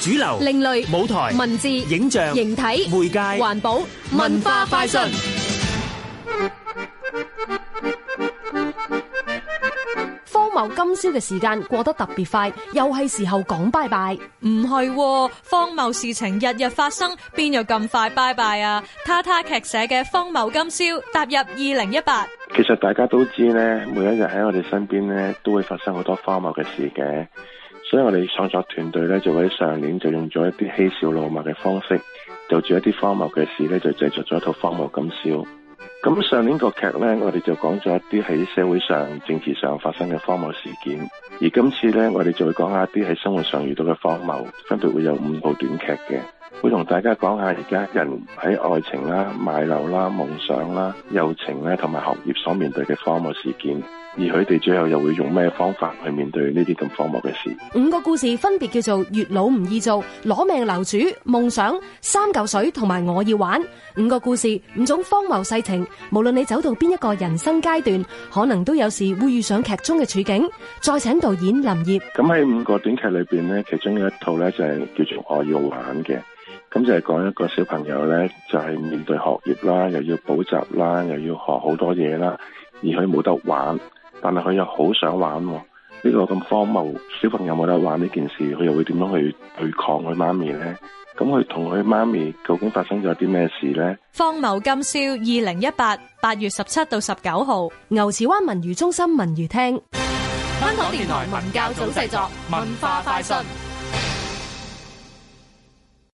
主流、另類、舞台、文字、影像、形體、媒介、環保、文化快訊。荒謬今宵嘅時間過得特別快，又係時候講拜拜。唔係啊，荒謬事情日日發生，邊有咁快拜拜啊？他他劇社嘅荒謬今宵踏入二零一八。其實大家都知咧，每一日喺我哋身邊咧，都會發生好多荒謬嘅事嘅。所以我哋創作團隊咧就喺上年就用咗一啲嬉笑怒罵嘅方式，做住一啲荒謬嘅事咧，就製作咗一套荒謬搞笑。咁上年個劇咧，我哋就講咗一啲喺社會上、政治上發生嘅荒謬事件，而今次咧，我哋就會講下一啲喺生活上遇到嘅荒謬，分別會有五部短劇嘅。會同大家講下而家人喺愛情啦、買樓啦、夢想啦、友情啦，同埋學業所面對嘅荒謬事件，而佢哋最後又會用咩方法去面對呢啲咁荒謬嘅事？五個故事分別叫做《月老唔易做》、《攞命樓主》、《夢想》、《三嚿水》同埋《我要玩》。五個故事，五種荒謬世情。無論你走到邊一個人生階段，可能都有時會遇上劇中嘅處境。再請導演林葉。咁喺五個短劇裏邊呢，其中有一套咧就係叫做《我要玩》嘅。咁就係講一個小朋友咧，就係面對學業啦，又要補習啦，又要學好多嘢啦，而佢冇得玩，但係佢又好想玩。呢個咁荒謬，小朋友冇得玩呢件事，佢又會點樣去對抗佢媽咪咧？咁佢同佢媽咪究竟發生咗啲咩事咧？荒謬今宵二零一八八月十七到十九號，牛池灣文娛中心文娛廳，香港電台文教組製作文化快訊。